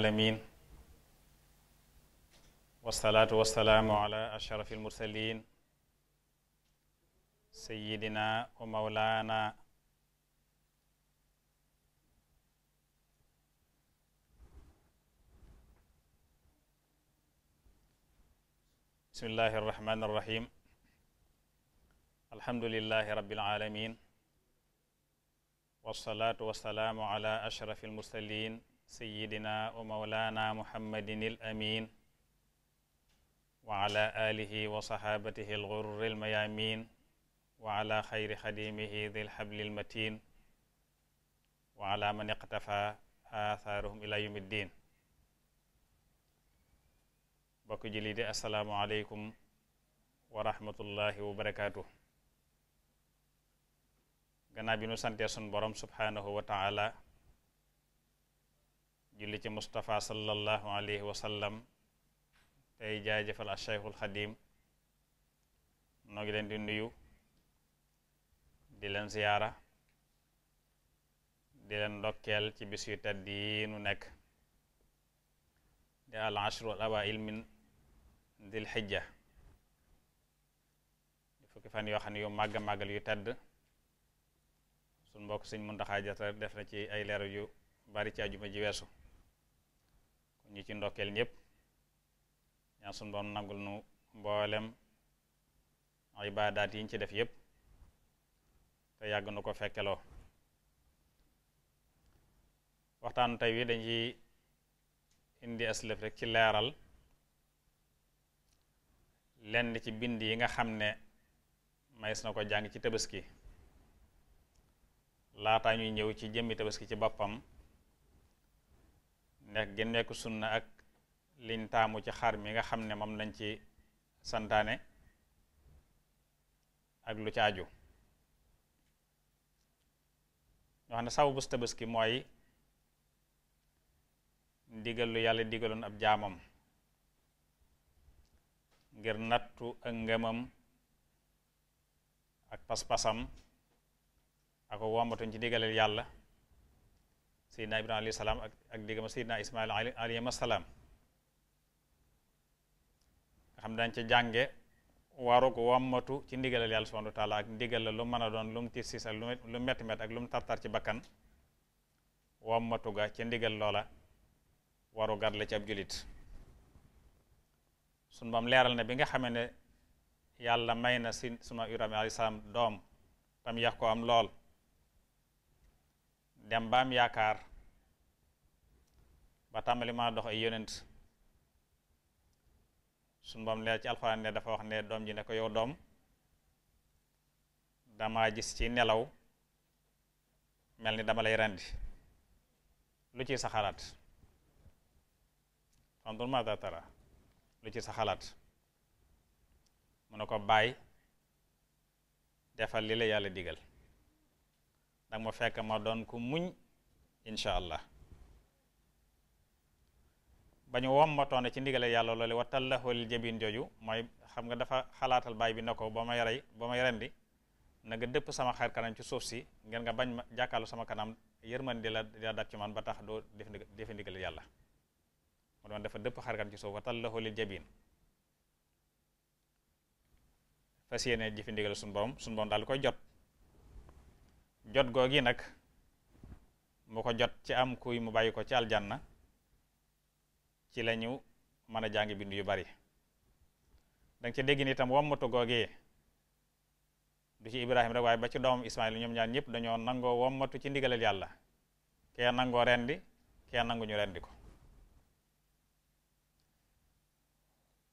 العالمين والصلاة والسلام على أشرف المرسلين سيدنا ومولانا بسم الله الرحمن الرحيم الحمد لله رب العالمين والصلاة والسلام على أشرف المرسلين sayidina wa mawlana muhammadin il amin wa ala alihi wa sahabatihi al ghurri al mayamin wa ala xayri xadimihi dhi al habli al matin wa ala man iqtafa athaaruhum ila yawmi ddin bokk jili di assalaamu aleykum wa rahmatullahi wa barakaatuh gannaaw bi nu santee sun borom subhanahu wa taala julli ci Moustapha sallallahu alayhi wa sallam tey jaajëfal a Cheikhul Xadim noo ngi leen di nuyu di leen ziyaara di leen ndokkeel ci bis yu tedd nu nekk di al ashru al awail min dil xijja di fukki fan yoo xam ne yu màgg màggal yu tedd sun mbokk suñ Muntaxa Jaata def na ci ay leeral yu bari ci ajuma ji weesu ñu ci ndokkeel ñëpp ñaan suñu borom nu mboolem ibaadaat yiñ ci def yëpp te yàgg nu ko fekkeloo waxtaanu tey wi dañuy indi aslëf rek ci leeral lenn ci bind yi nga xam ne mays na ko jàng ci tabaski laataa ñuy ñëw ci jëmmi tabaski ci boppam nekk gi nekk sunna ak liñ taamu ci xar mi nga xam ne moom nañ ci santaane ak lu ci aju ñoo xam ne saw bu tabaski mooy ndigal lu yàlla digaloon ab jaamam ngir nattu ak ngëmam ak pas-pasam ak wombatuñ ci digaleel yàlla Seydina Ibrahima alayhi salaam ak ak diggam Seydina Ismail nga xam dañ ci jànge waru ko wammatu ci ndigalal yàlla subhanahu wa taala ak ndigal la lu a doon lu mu ak lu metti metti ak lu mu tartar ci bakkan wammatu ga ci ndigal loola waru gar la ci ab julit sunu moom leeral na bi nga xamee ne yàlla may na si suma Ibrahima alayhi salaam doom tam yax ko am lool dem ba yaakaar ba tàmbali maa dox ay yonent suñu ne leer ci alxuraan ne dafa wax ne doom ji ne ko yow doom dama gis ci nelaw mel ni dama lay rendi lu ci sa xalaat fandur tara lu ci sa xalaat mu ne ko bàyyi defal li la yàlla digal ndax ma fekk ma doon ko muñ incha allah bañ ba ñu wommatoone ci ndigale yàlla loolu wattal laxoolil jabin jooju mooy xam nga dafa xalaatal baay bi na ko ba may rey ba may rendi na nga dëpp sama xar kanam ci suuf si ngeen nga bañ ma jàkkaarlu sama kanam yërmande la daa dat man ba tax doo def defe ndigal yàlla mu doon dafa dëpp xar kanam ci suuf wattal laxoolil jabin fas yéene jëfe ndigal suñu borom suñu borom daal koy jot jot yi nag mu ko jot ci am kuy mu bàyyi ko ci na ci la ñu mën a jàng bind yu bari danga ci dégg ni itam wommatu googee du ci Ibrahima rek waaye ba ci doomam Ismaayil ñoom ñaan ñëpp dañoo nangoo wommatu ci ndigalal yàlla kee nangoo rendi kee nangu ñu rendi ko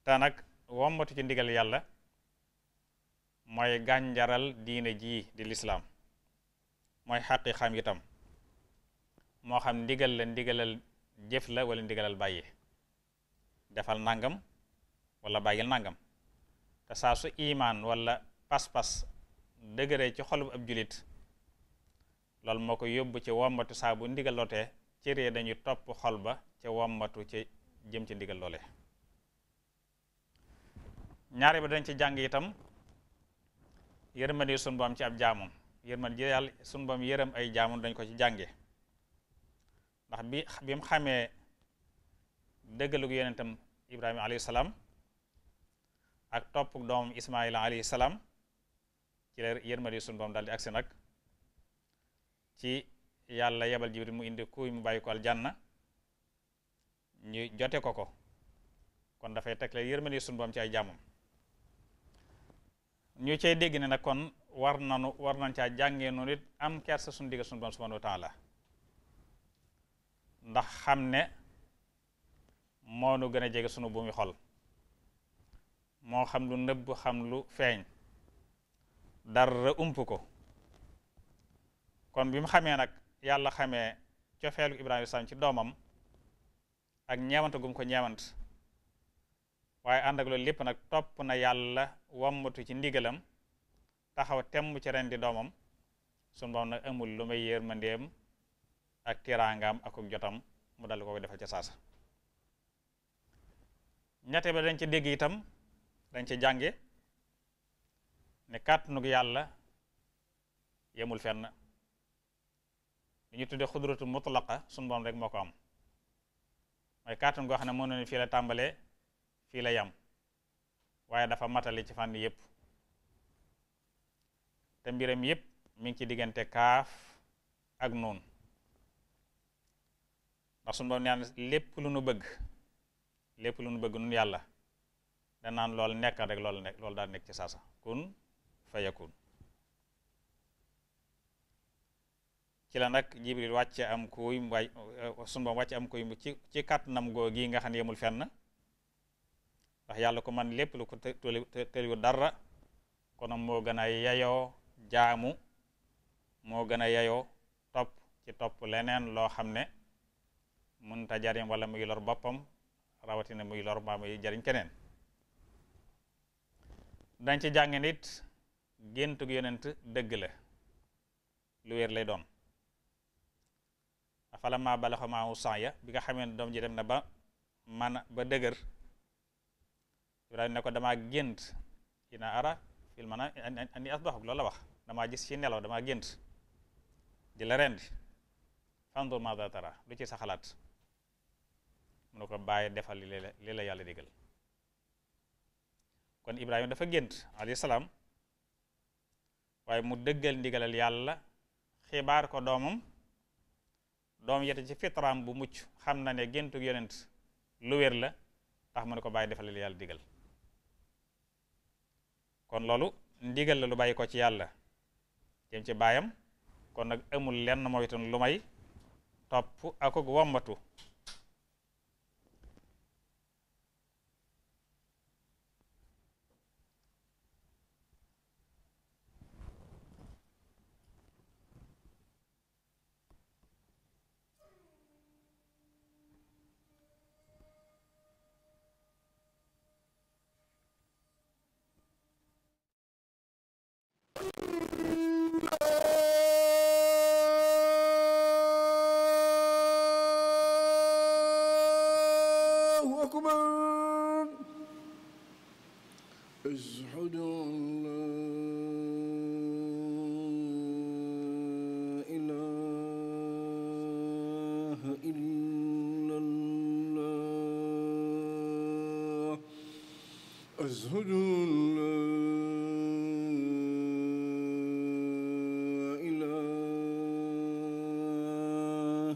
te nag wommatu ci ndigal yàlla mooy gànjaral diine jii di lislaam mooy xaqi xam itam moo xam ndigal la ndigalal jëf la wala ndigalal bàyyi defal nangam walla bàyyil nangam te saa su imaan wala pas-pas dëgëree ci xolub ab julit loolu moo ko yóbbu ci wombatu saa bu ndigal lotee cër yi dañuy topp xol ba ca wombatu ci jëm ci ndigal loole ñaari dañ ci jàng itam yërmande yi sunu boom ci ab jaamum yërmande ji yàlla sunu boom yërëm ay jaamum dañ ko ci jànge ndax bi bi xamee dëggalug yonentam ibrahima alayhi salaam ak toppuk doomam ismaila alayhi salaam ci la yërmande sunu boom di agsi nag ci yàlla yebal jibril mu indi kuy mu bàyyi ko aljanna ñu jote ko ko kon dafay teg la yërmande ci ay jàmmam ñu cay dégg ne nag kon war nanu war nañ caa jàngee noonu it am kersa suñu digg sunu subhanahu wa taala ndax xam ne moo nu gën a jege sunu buumi xol moo xam lu nëbb xam lu feeñ dara ump ko kon bi mu xamee nag yàlla xamee cofeelu Ibrahima sam ci doomam ak ñeewante gum ko ñeewant waaye ànd ak loolu lépp nag topp na yàlla wammatu ci ndigalam taxaw temm ci ren di doomam sunu boom nag amul lu may yërmandeem ak tiraangaam ak jotam mu dal ko defal ca saasa ñette ba dañ ci dégg itam dañ ci jànge ne kàttanug yàlla yemul fenn li ñu tudde xudratu mutlaqa sun boom rek moo ko am mooy kàttan goo xam ne mën na ne fii la tàmbalee fii la yam waaye dafa matali ci fànn yépp te mbiram yépp mi ngi ci diggante kaaf ak noon ndax sun boom nee lépp lu nu bëgg lépp lu nu bëgg nun yàlla danaan lool nekkal rek loolu nekk loolu daal nekk ci saasa kun fa yakun ci la nag jibril wàcce am kuy waay eh, sun boom am kuy ci ci kàttanam goo gi nga xam ne yemul fenn ndax yàlla ko man lépp lu ko tëliwu dara kon moo gën a yayoo jaamu moo gën a yayoo topp ci topp leneen loo xam ne mënta jariñ wala muy lor boppam rawatina muy lor mbaa muy jariñ keneen dañ ci jàng nit géntug yonent dëgg la lu wér lay doon afalama balaxa maawu saaya bi nga xamee ne doom ji dem na ba man ba dëgër Ibrahima ne ko dama gént ina ara fil mana ani asbaxuk loolu la wax damaa gis ci nelaw damaa gént di la rendi fandur ma tara lu ci sa xalaat mu ne ko bàyyi defal li la la yàlla digal kon Ibrahima dafa gént alayhi waaye mu dëggal ndigalal yàlla xibaar ko doomam doom yete ci fitraam bu mucc xam na ne géntug yonent lu wér la tax mu ko bàyyi defal li yàlla digal kon loolu ndigal la lu bàyyi ko ci yàlla jëm ci baayam kon nag amul lenn moo itam lu may topp akuk wombatu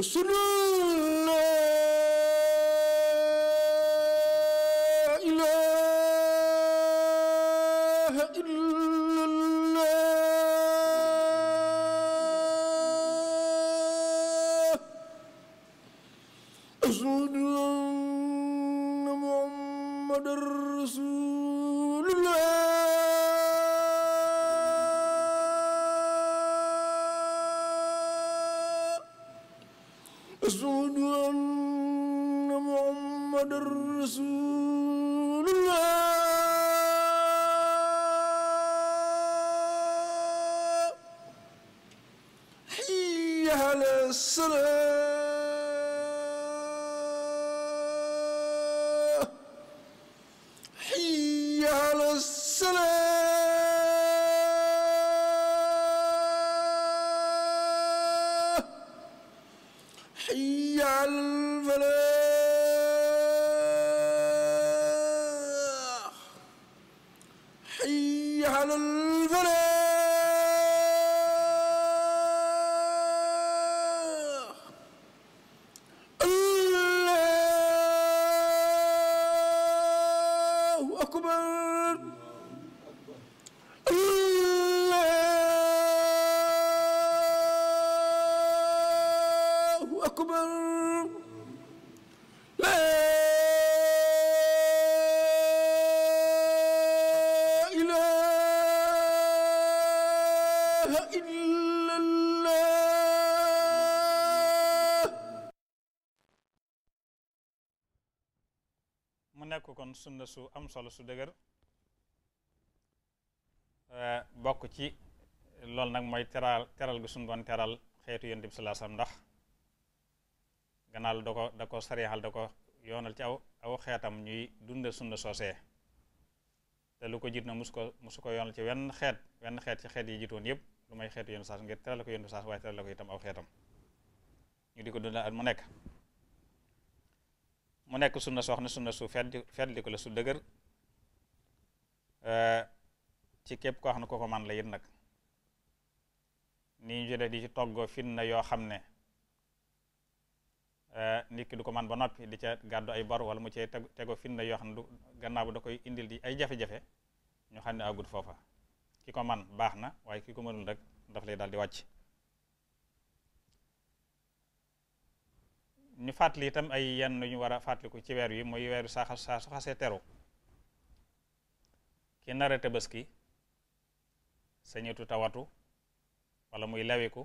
sunu يجعل فلا حي على doon sunna su am solo su dëgër eh, bokk ci loolu nag mooy teral teral gu suñ doon teral xeetu yonent bi sallallahu alayhi wasallam ndax gannaaw da ko da ko sariyal da ko yoonal ci aw aw xeetam ñuy dunda sunna soosee te lu ko jiit na musu ko musu ko yoonal ci wenn xeet wenn xeet ci xeet yi jitoon yëpp lu may xeetu yonent saas ngir teral ko yonent saas waaye teral ko itam aw xeetam ñu di ko dundal at mu nekk nekk sunna soo xam ne sunna su fedd feddiku la su dëgër eh, ci képp ko xam na ko ko man la yit nag ni ñu jëlee di ci toggoo fitna yoo xam ne eh, nit ki du ko man ba noppi di ca gàddu ay bor wala mu cee tego fitna yoo xam ne du gannaaw bi da koy indil di ay jafe-jafe ñu xam ne àggut foofa ki ko man baax na waaye ki ko mënul rek daf lay daal di wàcc ñu fàttali itam ay yenn ñu war a fàttaliku ci weer wi mooy weeru sa saa su xasee teru ki nara tabaski sañetu tawatu wala muy lewiku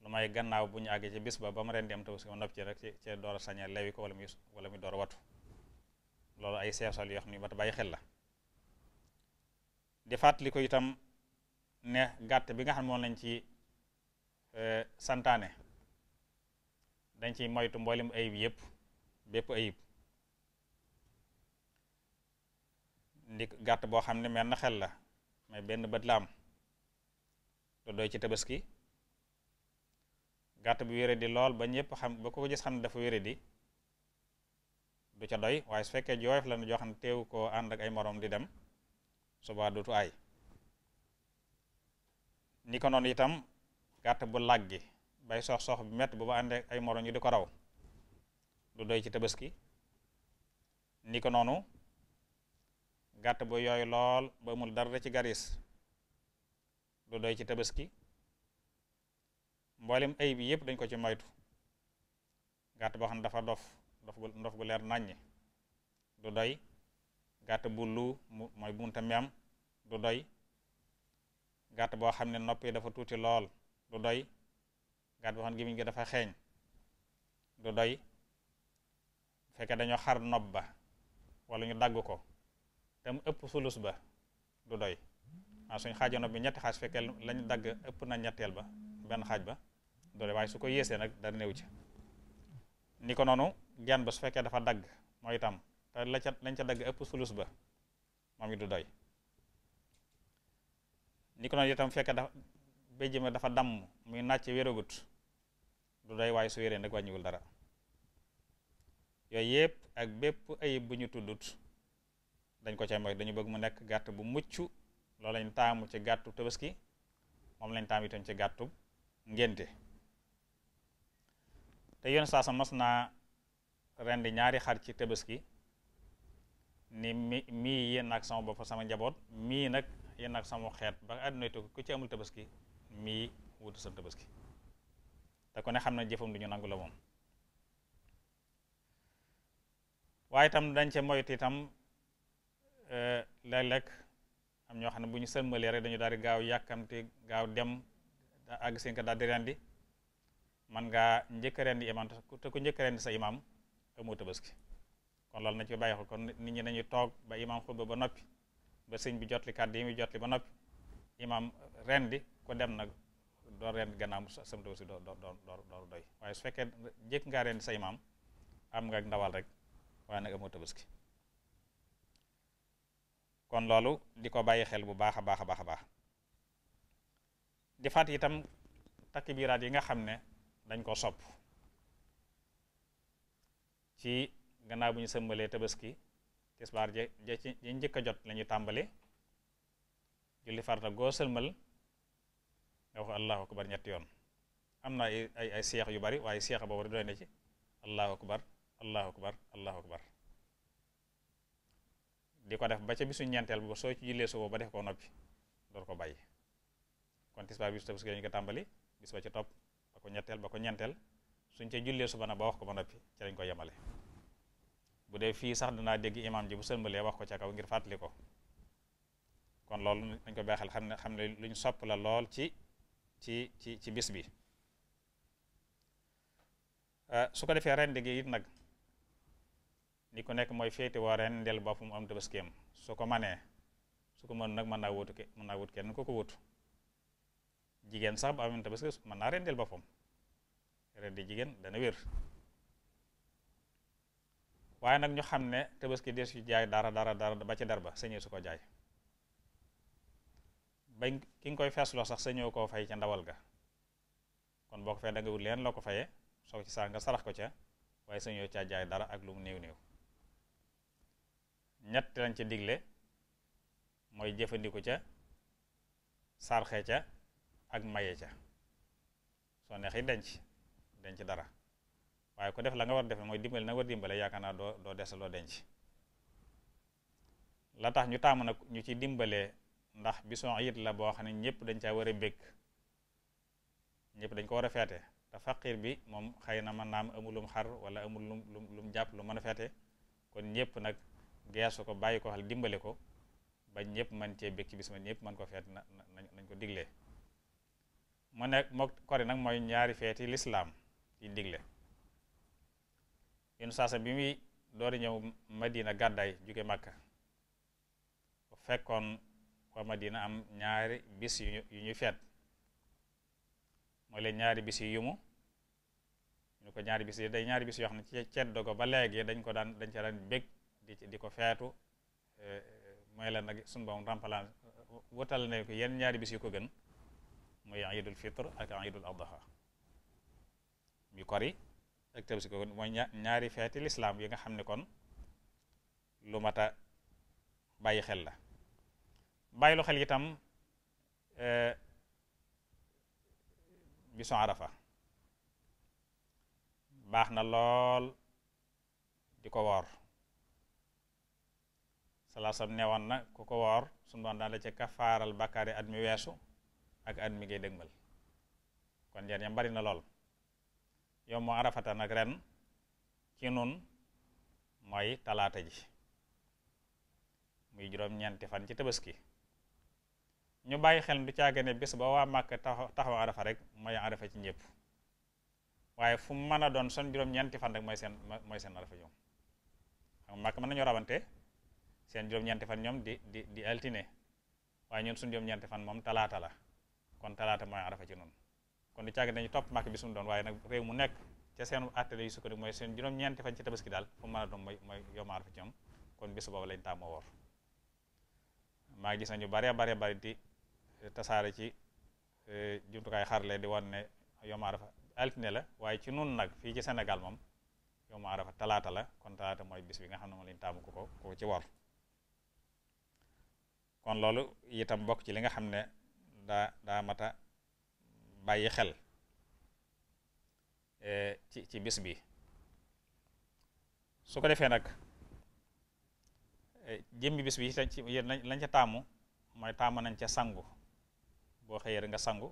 lu may gannaaw bu ñu àggee ci bis ba ba mu ren di am tabaski ma nopp ci rek ci door a sañee lewiku wala muy wala muy door a watu loolu ay seesal yoo xam ne mat bàyyi xel la di fàttaliku itam ne gàtt bi nga xam moom lañ ci eh, santaane dañ ciy moytu mboolem ayib yëpp bépp ayib ndi gàtt boo xam ne mel na xel la mais benn bët la am du doy ci tabaski gàtt bi wére di lool ba ñëpp xam ba ko gis xam ne dafa wére di du ca doy waaye su fekkee jooyof la nu joo xam ne teew koo ànd ak ay moroom di dem suba dutu ay ni ko noonu itam gàtt bu làggi bay sox-sox bi mett bu ba ànd ay moroom yi di ko raw du doy ci tabaski ni ko noonu gàtt bu yooyu lool ba amul dara ci garis du doy ci tabaski mboolem ay bi yëpp dañ ko ci moytu gàtt boo xam ne dafa dof dof bu dof bu leer nàññi du doy gàtt bu lu mooy bunta miyam du doy gàtt boo xam ne nopp dafa tuuti lool du doy gaat boo xam ngi gémmiñ gi dafa xeeñ du doy bu fekkee dañoo xar nopp ba wala ñu dagg ko te mu ëpp sulus ba du doy suñ xaajee nopp bi ñetti xaaj fekkee lañu dagg ëpp na ñetteel ba benn xaaj ba du doy waaye su ko yéesee nag da néew ci ni ko noonu genn ba su fekkee dafa dagg mooy itam te la lañ ca dagg ëpp sulus ba moom it du doy ni ko noonu itam fekkee dafa béjjëm dafa damm muy nàcc wéragut du doy waaye su wéreen rek wàññiwul dara yooyu yëpp ak bépp ayib bu ñu tuddut dañ ko ca moy dañu bëgg mu nekk gàtt bu mucc loolu lañ taamu ci gàttu tabaski moom lañ taam itam ci gàttu ngénte te yoon saa sa mas naa rend ñaari xar ci tabaski ni mi mii yéen ak sama bopp sama njaboot mii nag yéen ak sama xeet ba àdduna tukki ku ci amul tabaski mii wut sa tabaski te ku ne xam na jëfam du ñu nangu la moom waaye itam dañ ce moytu itam e, lekk am ñoo xam ne bu ñu sëlmalee rek dañu daal di gaaw yàkkamti gaaw dem àgg seen ko daal di rendi man ngaa njëkk rendi imam te ku njëkk rendi sa imam amoo tabaski kon loolu na ci bàyyi xel kon nit ñi nañu toog ba imam xutba ba noppi ba sëñ bi jotli kàddu yi muy jotli ba noppi imam rendi ko dem nag door rendi ganaam sam doo si doo doo doy waaye su fekkee jëkk ngaa rendi say maam am nga ndawal rek waaye nag amoo tabaski kon loolu di ko bàyyi xel bu baax a baax a baax a baax di faat itam takbiraat yi nga xam ne dañ ko sopp ci gannaaw bu ñu sëmbalee tabaski tisbaar ja ja ci njëkk a jot la ñu tàmbali julli farata goo sëlmal nga wax allahu akbar ñetti yoon am na ay ay seex yu bari waaye seex boobu rek doy na ci allahu akbar allahu akbar allahu akbar di ko def ba ca bisu ñeenteel ba soo ci jullee suba ba noppi door ko bàyyi kon tisbaar bisu ko tàmbali bis ba ci ko ñetteel ba ko ñeenteel suñ ca jullee suba na ba wax ko ba noppi ca dañ ko yemale bu dee fii sax dinaa dégg imaam ji bu sëmbalee wax ko ca kaw ngir fàttali ko kon loolu dañ ko baaxal xam ne luñ sopp la lool ci ci ci ci bis bi ah, su ko defee rendi gi it nag ni ko nekk mooy féete woo rendeel boppam am tabaskeem su ko manee su ko mën nag mën naa wutu mën naa wut kenn ku ko wut jigéen sax ba am tabaski mën naa rendeel boppam rendi jigéen dana wér waaye nag ñu xam ne tabaski des su jaay dara dara dara ba ci dar ba sañee su ko jaay bañ ki nga koy feesloo sax sañoo koo fay ca ndawal ga kon boo ko fay da wut leen loo ko fayee soo ci sax nga sarax ko ca waaye sañoo caa jaay dara ak lu mu néew néew ñett lañ ca digle mooy jëfandiku ca sarxe ca ak maye ca soo neexi denc denc dara waaye ko def la nga war def mooy dimbale na war dimbale yaakaar naa doo doo des denc la tax ñu taamu nag ñu ci dimbalee ndax bison it la boo xam ne ñëpp dañ caa war a bég ñëpp dañ ko war a feete te faqir bi moom xëy na mën naam am amul lum xar wala amul lum lum jàpp lu mën a feete kon ñëpp nag geesu ko bàyyi ko xel dimbale ko ba ñëpp man cee bég ci bis ma ñëpp mën ko feet na nañ ko diglee mu nekk mook kori nag mooy ñaari feeti lislaam yi digle yun saasa bi muy doori ñëw madina gàddaay jóge màkka fekkoon waa Madina am ñaari bis yu ñu yu feet mooy leen ñaari bis yu yumu ñu ko ñaari bis yi day ñaari bis yoo xam ne ci ceddo ko ba léegi dañ ko daan dañ ca daan bég di ko feetu eh, mooy leen nag suñu boom rampalaan wutal na ko yenn ñaari bis yu ko gën muy iidul fitre ak iidul adha mi kori ak tabaski ko mooy ñaari feeti lislaam yi nga xam ne kon lu mat a bàyyi xel la bàyyi lu xel itam bisu euh, arafa baax na lool di ko woor salaasam newoon na ku ko woor suñu doon daan la kafaaral bakkaari at mi weesu ak at ngay dëgmal kon njariñam bari na lool yow moo arafata nag ren ci nun mooy talaata ji muy juróom-ñeenti fan ci tabaski ñu bàyyi xel du caage ne bés ba waa màkk taxaw arafa rek mooy arafa ci ñëpp waaye fu mën a doon son juróom-ñeenti fan rek mooy seen mooy seen arafa ñoom xam màkk mën nañoo rabante seen juróom-ñeenti fan ñoom di di di altine waaye ñun suñu juróom-ñeenti fan moom talaata la kon talaata mooy arafa ci noonu kon du caage dañu topp makk bi suñu doon waaye nag réew mu nekk ca seen attale yu sukkandiku mooy seen juróom-ñeenti fan ci tabaski daal fu mën a doon mooy mooy yow ma ci ñoom kon bés boobu lañ tàmmoo woor maa gis nañu bare bare bari di Eh, tasaare ci eh, jumtukaay xarale di wan ne yoomu arafa altine la waaye ci nun nag fii ci senegal moom yoomu arafa talaata la kon talaata mooy bis bi nga xam ne moom lañ taamu ku ko ku ci war kon loolu itam bokk ci li nga xam ne daa daa mata bàyyi xel eh, ci ci bis bi su ko defee nag jëmmi bis bi lañ ca taamu mooy taamu nañ ca sangu boo xëyee rek nga sangu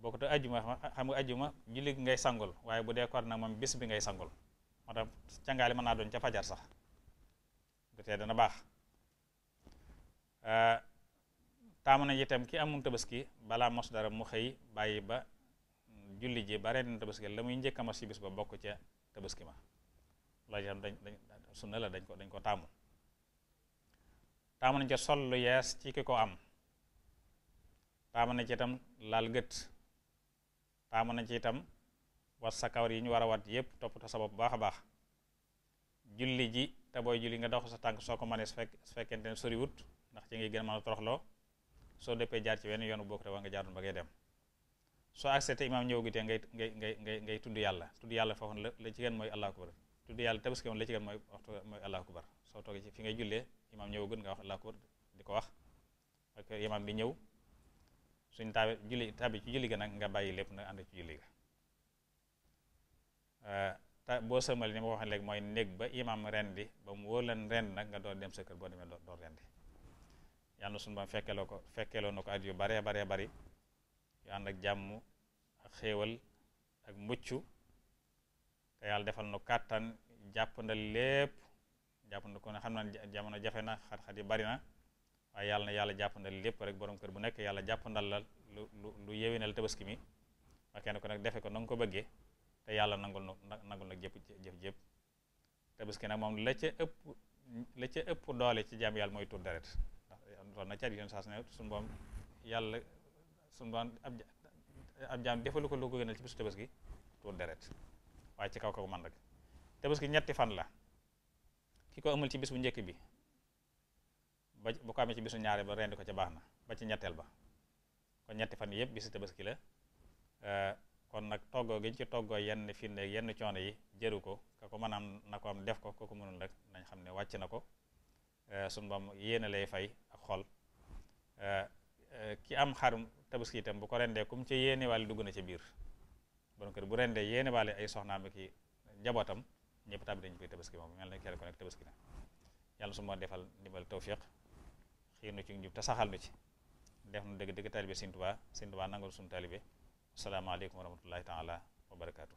boo ko te ajjuma xam nga ajjuma julli ngay sangul waaye bu dee koor nag moom bis bi ngay sangul moo tax cangaali mën naa doon ca fajar sax bu tee dana baax euh, taamu nañ itam ki amum tabaski balaa mos dara mu xëy bàyyi ba julli ji ba ren tabaski la muy njëkk a mos ci bokk ca tabaski ma loolu dañ ko dañ ko taamu taamu nañ ca sol lu yees ci ki ko am taamu na ci itam laal gët taamu na ci itam wax sa kawar yi ñu war a wat yépp toppatoo sa bopp baax a baax julli ji te booy julli nga dox sa tànk soo ko mënee su fekk su fekkente ne soriwut ndax ci ngay gën a mën a toroxloo soo dëppee jaar ci wenn yoonu bokk te waa nga jaarul ba ngay dem soo agsee te ñëw gi te ngay ngay ngay ngay ngay tudd yàlla tudd yàlla foofu la la ci gën mooy allahu akbar tudd yàlla tabaski moom la ci gën mooy waxtu mooy allahu akbar soo toogee fi ngay jullee imaam ñëwagul nga wax allahu di ko wax bi ñëw suñ taabe julli taabi ci julli nag nga bàyyi lépp nag ànd ci julli ga eh, ta boo sëmal ni ma waxoon léegi mooy néeg ba imam rendi ba mu wóor leen rend nag nga door dem sa kër boo demee door rendi yàlla suñ ba fekkeloo ko fekkeloo na ko at yu baree bare bari yu ànd ak jàmm ak xéewal ak mucc te yàlla defal nu kàttan jàpp na lépp jàpp na ko xam naa jamono jafe na xat-xat yi bari na waaye yàlla na yàlla jàppandal lépp rek borom kër bu nekk yàlla jàppandal la lu lu lu yewinal tabaski mi ba kenn ko nag defe ko na ko bëggee te yàlla nangul na nangul nag jëpp jëf jëpp tabaski nag moom la ca ëpp la ca ëpp doole ci jaam yàlla mooy tur deret loolu na caat yoon saas ne suñu boom yàlla suñu boom jaam defalu ko lu ko gënal ci bisu tabaski tur deret waaye ci kaw kaw man rek tabaski ñetti fan la ki ko amul ci bisu njëkk bi ba bu ko amee ci bisu ñaare ba rendi ko ca baax na ba ci ñetteel ba kon ñetti fan yëpp bisu tabaski la euh, kon nag toggoo gi ñu ci toggoo yenn finde yenn coono yi jëru ko ka ko mën am na ko am def ko kooku mënul rek nañ xam ne wàcc na ko euh, suñu bam yéene lay fay ak xol euh, ki am xarum tabaski itam bu ko rendee kum ci yéene wàlle dugg na ci biir bon kër bu rendee yéene wàlle ay soxnaam ak i njabootam ñëpp tàbbi dañu biir tabaski moom mel na kenn ku nekk tabaski na yàlla su ma defal ndimbal tawfiq xiir nu ci njub te saxal nu ci def nu dëgg dëgg taalibe Sëñ Tuubaa Sëñ Tuubaa nangal suñu taalibe asalaamaaleykum wa rahmatullahi taala wa barakaatu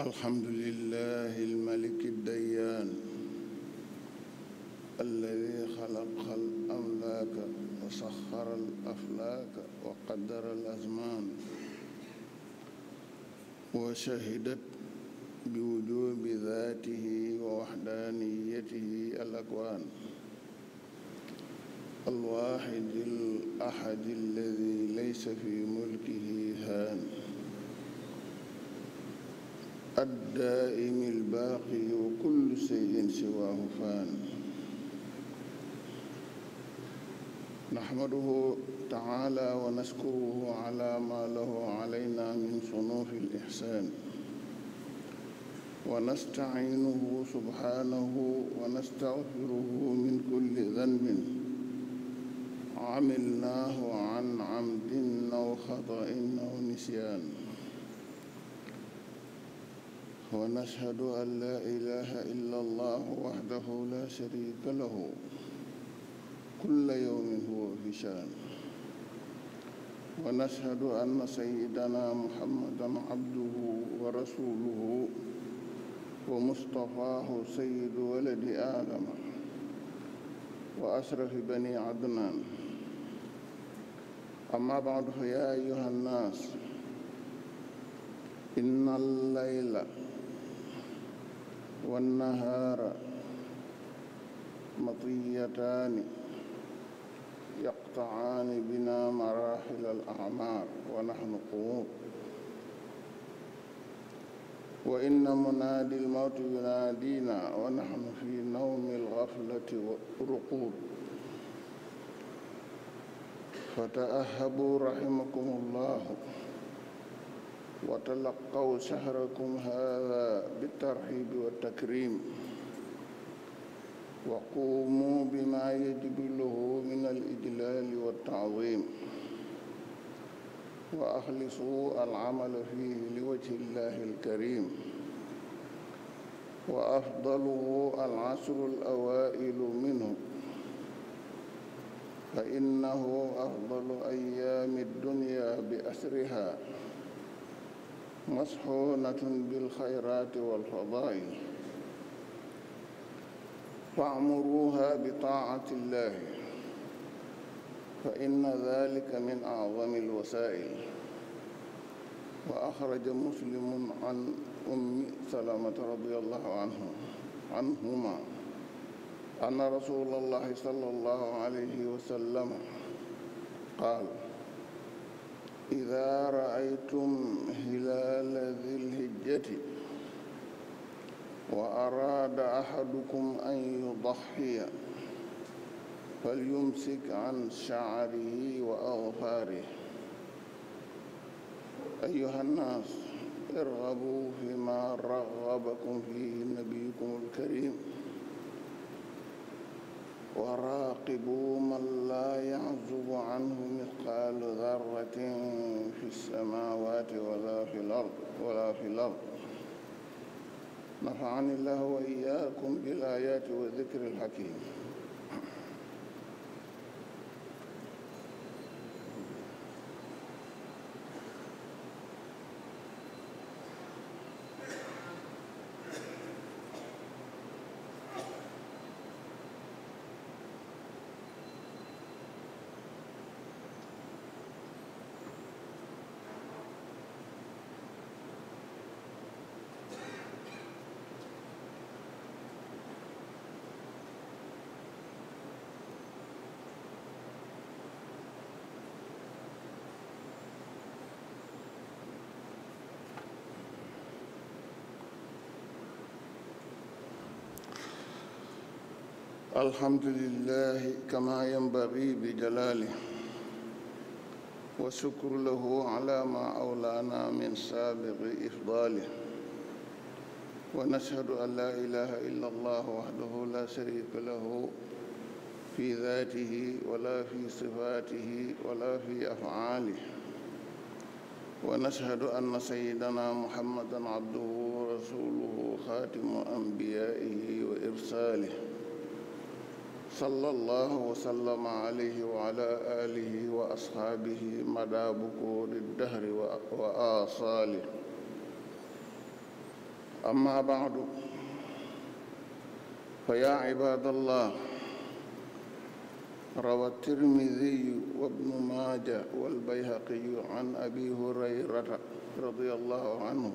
الحمد لله الملك الديان الذي خلق الأملاك وسخر الأفلاك وقدر الأزمان وشهدت بوجوب ذاته ووحدانيته الأكوان الواحد الأحد الذي ليس في ملكه هان الدائم الباقي وكل شيء سواه فان نحمده تعالى ونشكره على ما له علينا من صنوف الإحسان ونستعينه سبحانه ونستغفره من كل ذنب عملناه عن عمد أو خطأ أو نسيان ونشهد أن لا إله إلا الله وحده لا شريك له كل يوم هو في شأن ونشهد أن سيدنا محمدا عبده ورسوله ومصطفاه سيد ولد آدم وأشرف بني عدنان أما بعد يا أيها الناس إن الليل والنهار مطيتان يقطعان بنا مراحل الأعمار ونحن قمود وإن منادي الموت ينادينا ونحن في نوم الغفلة رقود فتأهبوا رحمكم الله وتلقوا سهركم هذا بالترحيب والتكريم وقوموا بما يجبله من الإجلال والتعظيم وأخلصوا العمل فيه لوجه الله الكريم وأفضله العشر الأوائل منه فإنه أفضل أيام الدنيا بأسرها مسحولة بالخيرات والفضائل فاعمروها بطاعة الله فإن ذلك من أعظم الوسائل وأخرج مسلم عن أم سلمة رضي الله عنه عنهما أن رسول الله صلى الله عليه وسلم قال إذا رأيتم هلال ذي الهجة وأراد أحدكم أن يضحي فليمسك عن شعره وأغفاره أيها الناس ارغبوا فيما رغبكم فيه نبيكم الكريم وراقبوا من لا يعزب عنه مثقال ذرة في السماوات ولا في الأرض ولا في الأرض نفعني الله وإياكم بالآيات والذكر الحكيم الحمد لله كما ينبغي بجلاله وشكر له على ما أولانا من سابق إفضاله ونشهد أن لا إله إلا الله وحده لا شريك له في ذاته ولا في صفاته ولا في أفعاله ونشهد أن سيدنا محمدا عبده ورسوله خاتم أنبيائه وإرساله وصلى الله وسلم عليه وعلى آله وأصحابه مدى بكور الدهر وآصاله أما بعد فيا عباد الله روى الترمذي وابن ماجه والبيهقي عن أبي هريرة رضي الله عنه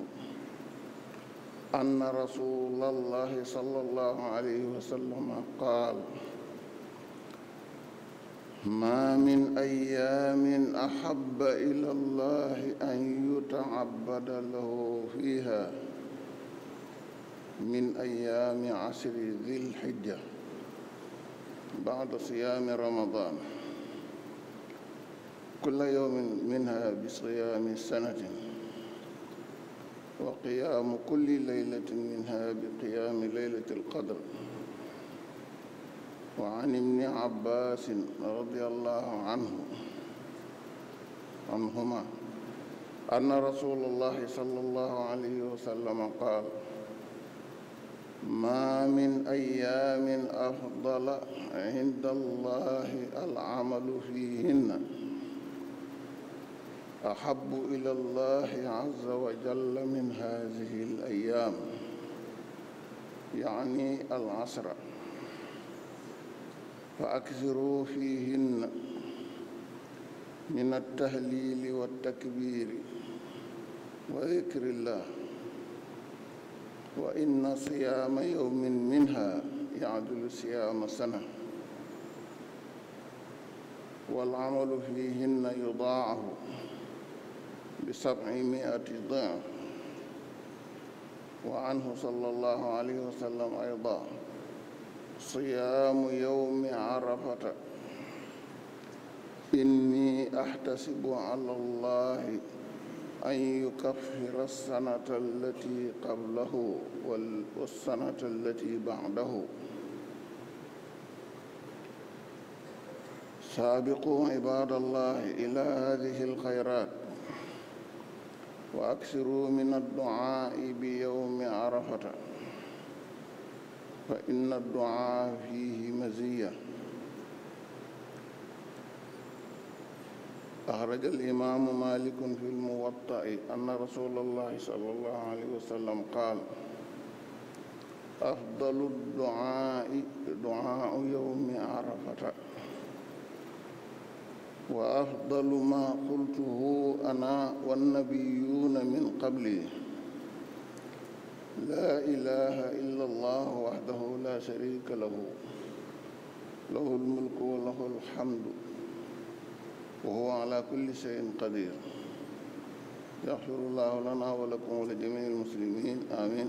أن رسول الله صلى الله عليه وسلم قال ما من أيام أحب إلى الله أن يتعبد له فيها من أيام عشر ذي الحجة بعد صيام رمضان كل يوم منها بصيام سنة وقيام كل ليلة منها بقيام ليلة القدر wa an ibni abbasin radiallahu anhu anhuma anna rasulallahi sallallahu alayhi wa sallam qaal ما من أيام أفضل عند الله العمل فيهن أحب إلى الله عز وجل من هذه الأيام يعني العشرة وأكثروا فيهن من التهليل والتكبير وذكر الله وإن صيام يوم منها يعدل صيام سنة والعمل فيهن يضاعف بسبعمائة ضعف وعنه صلى الله عليه وسلم أيضا صيام يوم عرفة إني أحتسب على الله أن يكفر السنة التي قبله والسنة التي بعده سابقوا عباد الله إلى هذه الخيرات وأكثروا من الدعاء بيوم عرفة fa inna duaa fiihi maziya axraja alimaamu malikun fi lmuwatta'i anna rasula allahi sala allahu alayhi wa sallam qaal afdalu duaai duaau yowmi arafata wa afdalu ma qultuhu ana wannabiyuuna min qabli لا إله إلا الله وحده لا شريك له له الملك وله الحمد وهو على كل شيء قدير يغفر الله لنا ولكم ولجميع المسلمين آمين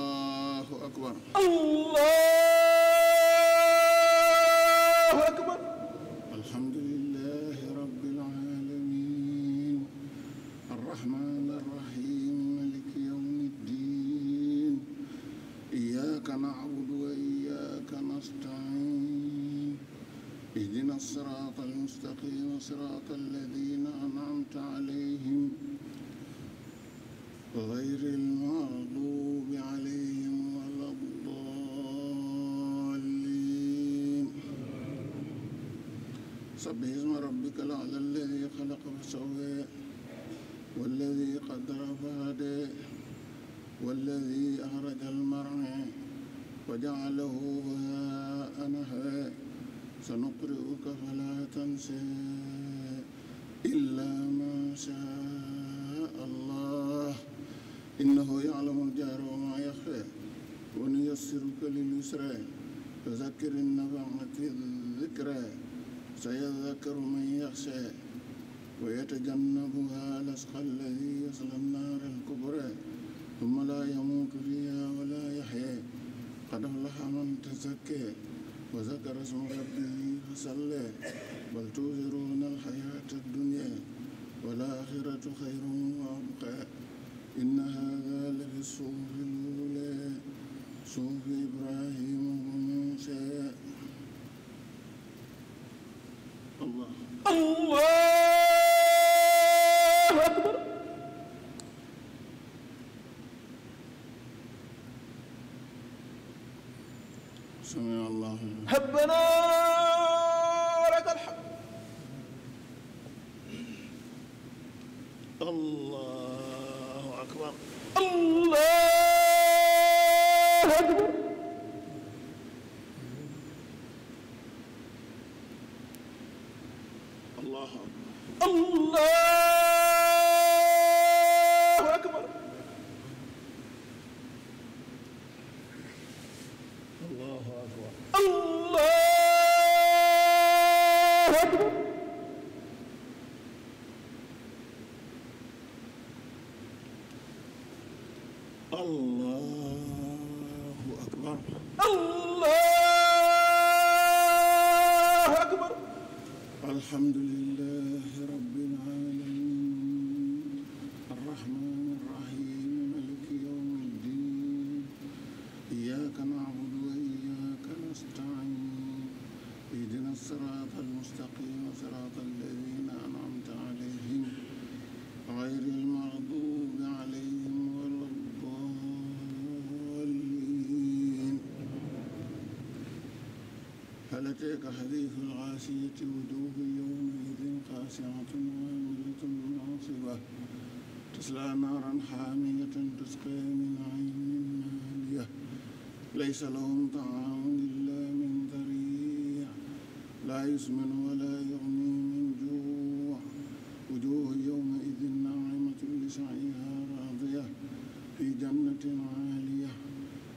allahu akbar allahu akbar alhamdulillah سبح اسم ربك الأعلى الذي خلق فسوى والذي قدر فهدى والذي أخرج المرعى وجعله غاء نهى سنقرئك فلا تنسى إلا ما شاء الله إنه يعلم الجهر وما يخفى ونيسرك لليسرى فذكر النفعة الذكرى سيذكر من يخشى ويتجنبها الأشقى الذي يصلى النار الكبرى ثم لا يموت فيها ولا يحيا قد أفلح من تزكى وذكر اسم ربه فصلى بل تؤثرون الحياة الدنيا والآخرة خير وأبقى إن هذا لفي الصوف الأولى صوف allahu akbar sami allahu rabbana ذلك حديث الغاشية وجوه يومئذ خاشعة عاملة ناصبة تسلى نارا حامية تسقى من عين مالية ليس لهم طعام إلا من ذريع لا يسمن ولا يغني من جوع وجوه يومئذ ناعمة لسعيها راضية في جنة عالية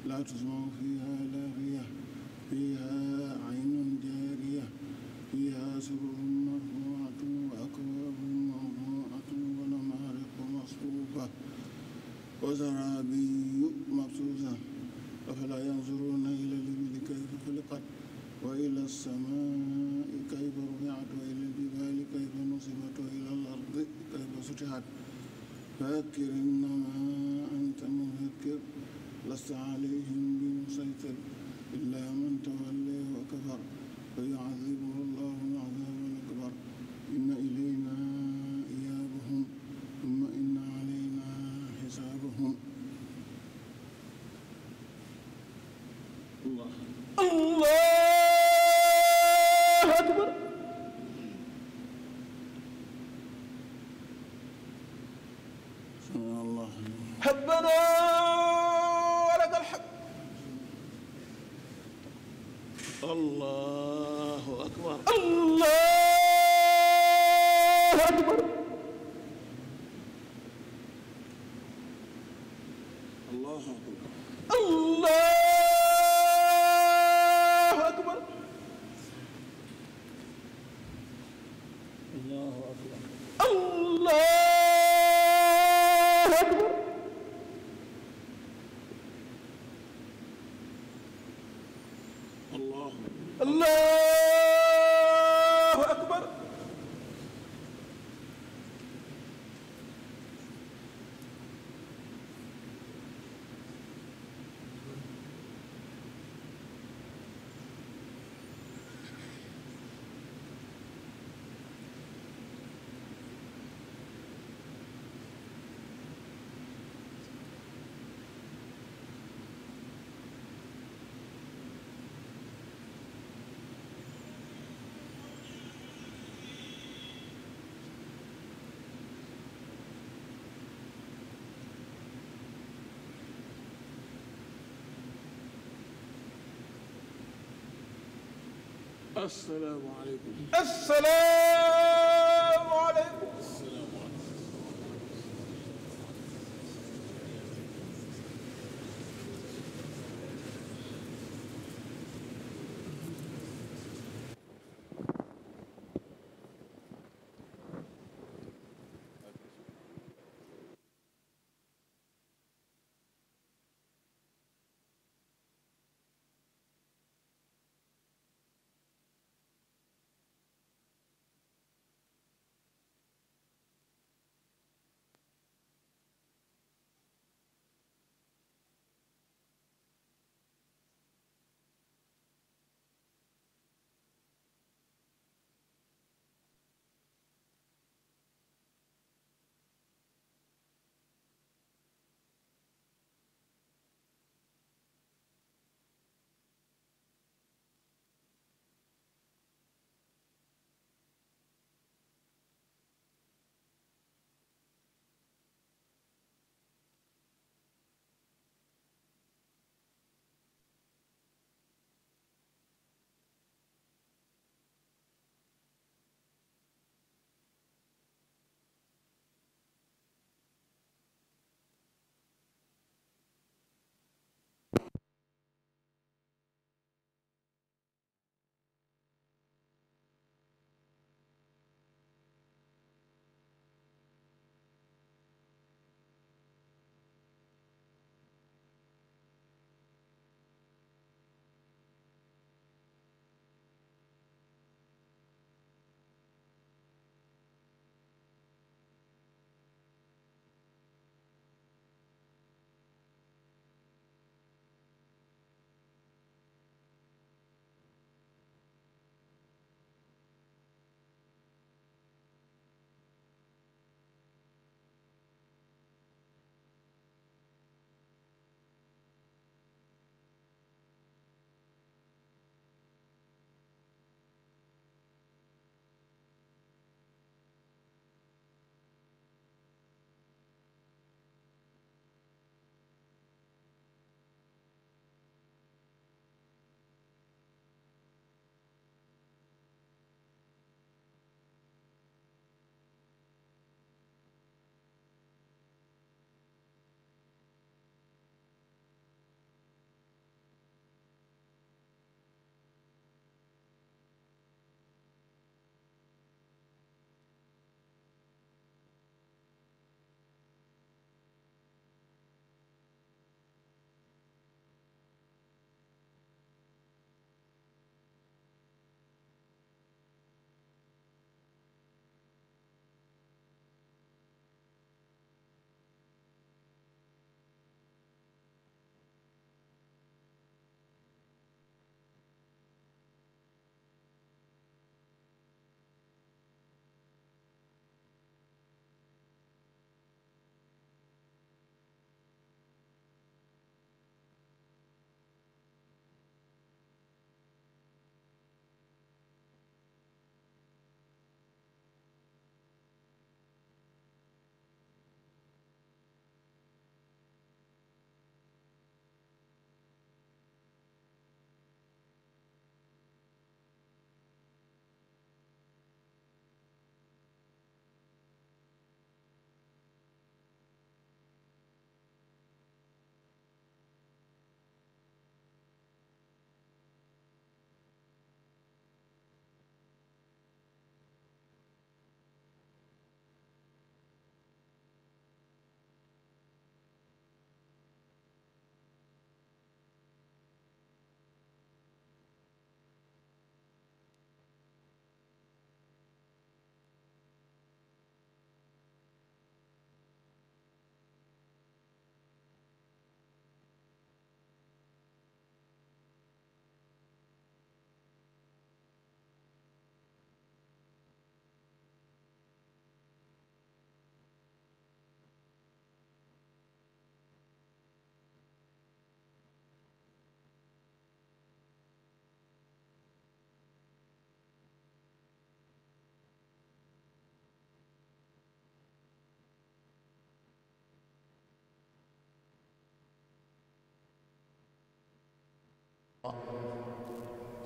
لا تسمع فيها Rosanna. asalaamaaleykum. asalaam.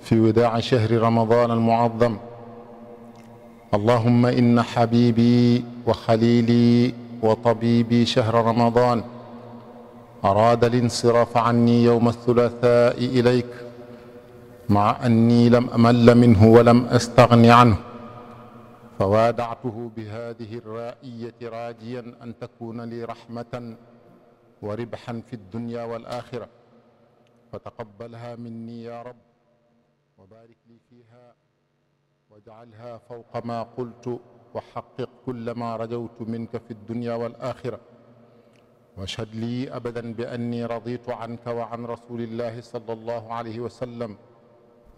في وداع شهر رمضان المعظم اللهم إن حبيبي وخليلي وطبيبي شهر رمضان أراد الانصراف عني يوم الثلاثاء إليك مع أني لم أمل منه ولم أستغن عنه فوادعته بهذه الرائية راجيا أن تكون لي رحمة وربحا في الدنيا والآخرة فتقبلها مني يا رب وبارك لي فيها واجعلها فوق ما قلت وحقق كل ما رجوت منك في الدنيا والآخرة واشهد لي أبدا بأني رضيت عنك وعن رسول الله صلى الله عليه وسلم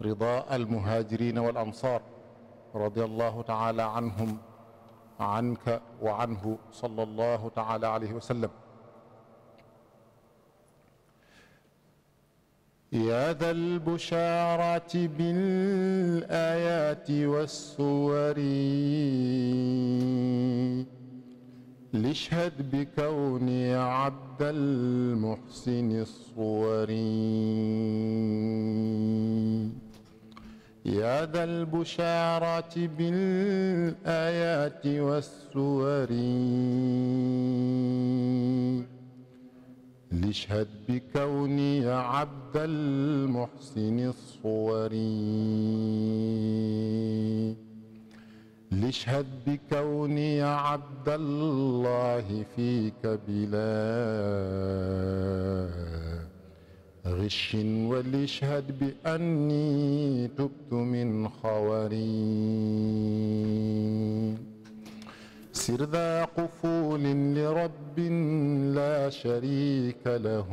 رضاء المهاجرين والأنصار رضي الله تعالى عنهم عنك وعنه صلى الله تعالى عليه وسلم يا ذا البشارة بالآيات والصور لاشهد بكوني عبد المحسن الصور يا ذا البشارة بالآيات والصور لاشهد بكوني عبد المحسن الصوري لاشهد بكوني عبد الله فيك بلا غش ولاشهد بأني تبت من خوري سر ذا قفول لرب لا شريك له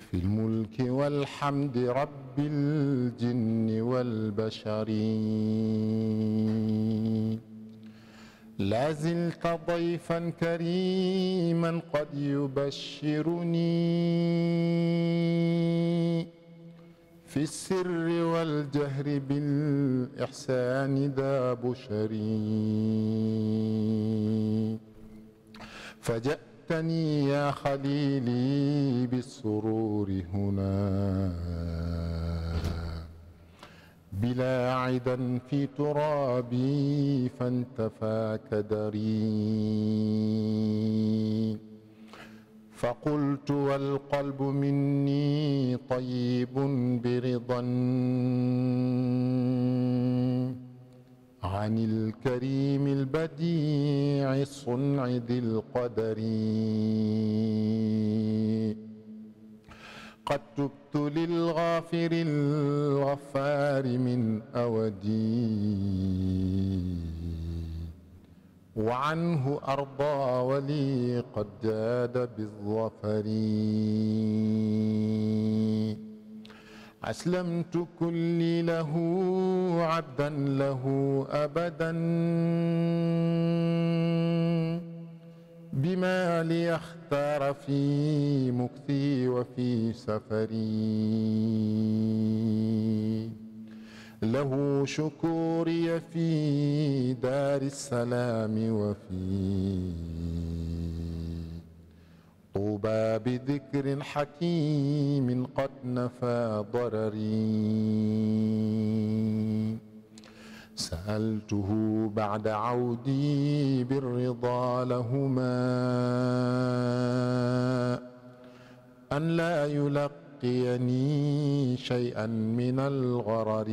في الملك والحمد رب الجن والبشر لا زلت ضيفا كريما قد يبشرني fi sirri wal jahri bil ihsaani daa bushari faja'tani yaa xaliili bis sururi hunaa bilaa idan fi turaabi fantafaa kadari فقلت والقلب مني طيب برضا عن الكريم البديع الصنع ذي القدر قد تبت للغافر الغفار من أودي وعنه أرضى ولي قد جاد بالظفر أسلمت كلي له عبدا له أبدا بما لي اختار في مكثي وفي سفري له شكوري في دار السلام وفي طوبى بذكر حكيم قد نفى ضرري سألته بعد عودي بالرضا لهما أن لا يلقى يلقيني شيئا من الغرر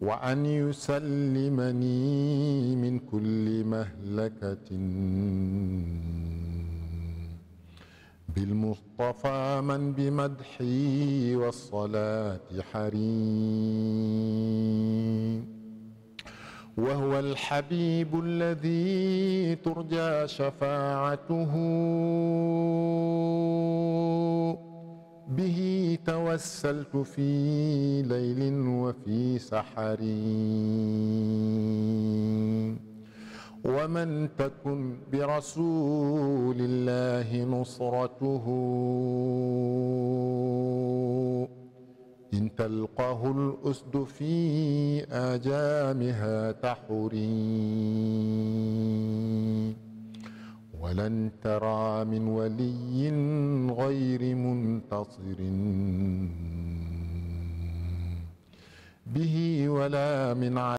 وأن يسلمني من كل مهلكة بالمصطفى من بمدحي والصلاة حريم wa huwa alxabibu alladi turja shafaatuhu bihi tawassaltu fi laylin wa fi saxarin wa man takun bi rasulillahi nusratuhu إن تلقه الأسد في آجامها تحري ولن ترى من ولي غير منتصر به ولا من